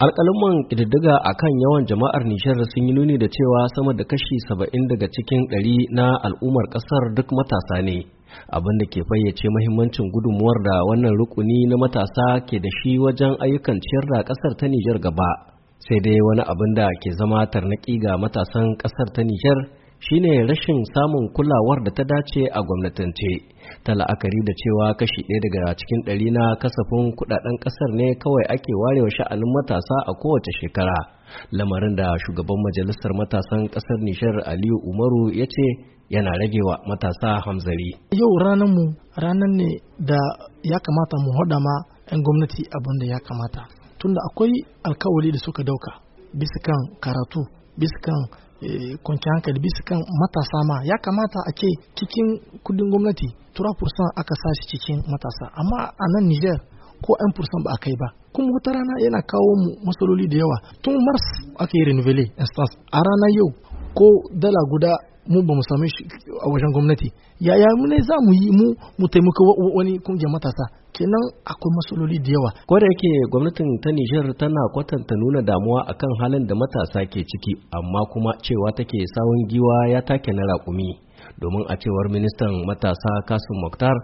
alkalin ƙididdiga a kan yawan jama'ar Nijar sun yi nuni da cewa sama da kashi saba'in daga cikin ɗari na al'ummar ƙasar duk matasa ne abin da ke fayyace mahimmancin gudunmuwar da wannan rukuni na matasa ke da shi wajen ayyukan ciyar da ƙasar ta nijar gaba sai dai wani abin da ke zama tarnaƙi ga matasan ƙasar ta nijar shine rashin samun kulawar da ta dace a gwamnatance ta la'akari da cewa kashi ɗaya daga cikin ɗari na kasafin kudaden ƙasar ne kawai ake warewa sha'anin matasa a kowace shekara lamarin da shugaban majalisar matasan ƙasar nishar aliyu umaru ya ce yana ragewa matasa hamzari yau ranar mu ranar ne da ya kamata mu hada ma 'yan gwamnati abin da ya kamata tunda akwai alkawari da suka dauka bisa kan karatu bisa kan Eh, kwanciyar hankali bisa kan matasa ma ya kamata a ce cikin kudin gwamnati 3% aka sashi cikin matasa amma a nan Niger ko 1% ba a kai ba kuma wata rana yana kawo mu matsaloli da yawa tun mars aka yi renewable instance a rana yau ko dala guda mu ba mu same shi a wajen gwamnati yaya mu ne za mu yi mu mu taimaka wani kungiyar matasa kenan akwai matsaloli da yawa ko da yake gwamnatin ta Nijar tana kwatanta nuna damuwa akan halin da matasa ke ciki amma kuma cewa take sawun giwa ya take na raƙumi domin a cewar ministan matasa Kasim Muktar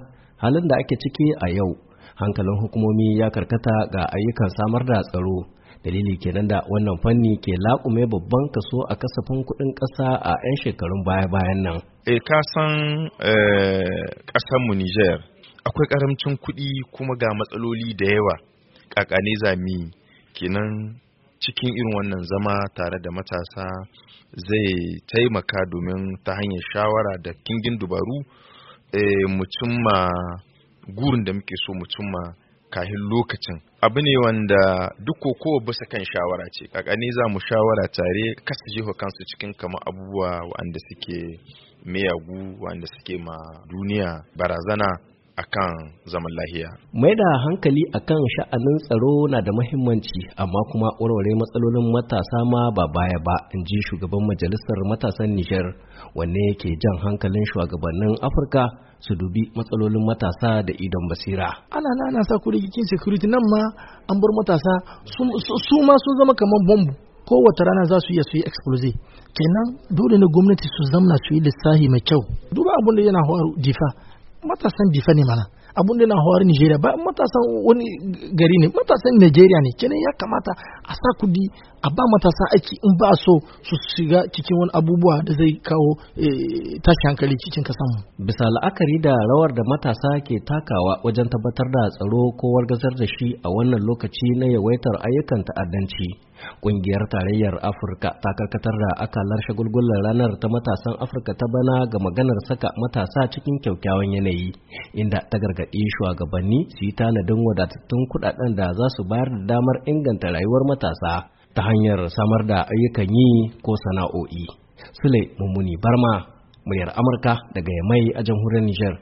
halin da ake ciki a yau hankalin hukumomi ya karkata ga ayyukan samar da tsaro dalili kenan da wannan fanni ke laƙume babban kaso a kasafin kuɗin ƙasa a 'yan shekarun baya-bayan nan. E, ka san eh, ƙasarmu Nijar akwai karamcin kuɗi kuma ga matsaloli da yawa kakane zami kenan cikin irin wannan zama tare da matasa zai taimaka domin ta hanyar shawara da kingin dubaru e, mu gurin da muke so mu cimma kahin lokacin abu ne wanda duk kowa bisa kan shawara ce kakane za mu shawara tare kasa jeho kansu cikin kama abubuwa wa'anda suke miyagu wa'anda suke ma duniya barazana kan zaman lahiya. Mai da hankali kan sha'anin tsaro na da muhimmanci, amma kuma warware matsalolin matasa ma ba baya ba in ji shugaban majalisar matasan Nijar wanne yake jan hankalin shugabannin Afirka su dubi matsalolin matasa da idon basira. Ana na ana sa kurigikin security nan ma an bar matasa su ma sun zama kamar bombu kowace rana za su iya su yi explosive kenan dole ne gwamnati su zamna su yi lissahi mai kyau duba abin da yana faru jifa matasan difa ne mana abun da na hawar nigeria ba matasan wani gari ne matasan nigeria ne kenan ya kamata a sa kudi a ba matasa aiki in ba so su shiga cikin wani abubuwa da zai kawo eh, tashi hankali cikin kasan mu bisa la'akari da rawar da matasa ke takawa wajen tabbatar da tsaro ko wargazar da shi a wannan lokaci na yawaitar ayyukan ta'addanci Ƙungiyar Tarayyar Afirka ta karkatar da akalar shagulgular ranar ta matasan Afirka ta bana ga maganar saka matasa cikin kyaukyawan yanayi, inda ta gargaɗi shugabanni su yi tanadin wadatattun kuɗaɗen da za su bayar da damar inganta rayuwar matasa ta hanyar samar da ayyukan yi ko sana'o'i. Sule Mummuni Barma, muryar Amurka daga Yamai a jamhuriyar Nijar.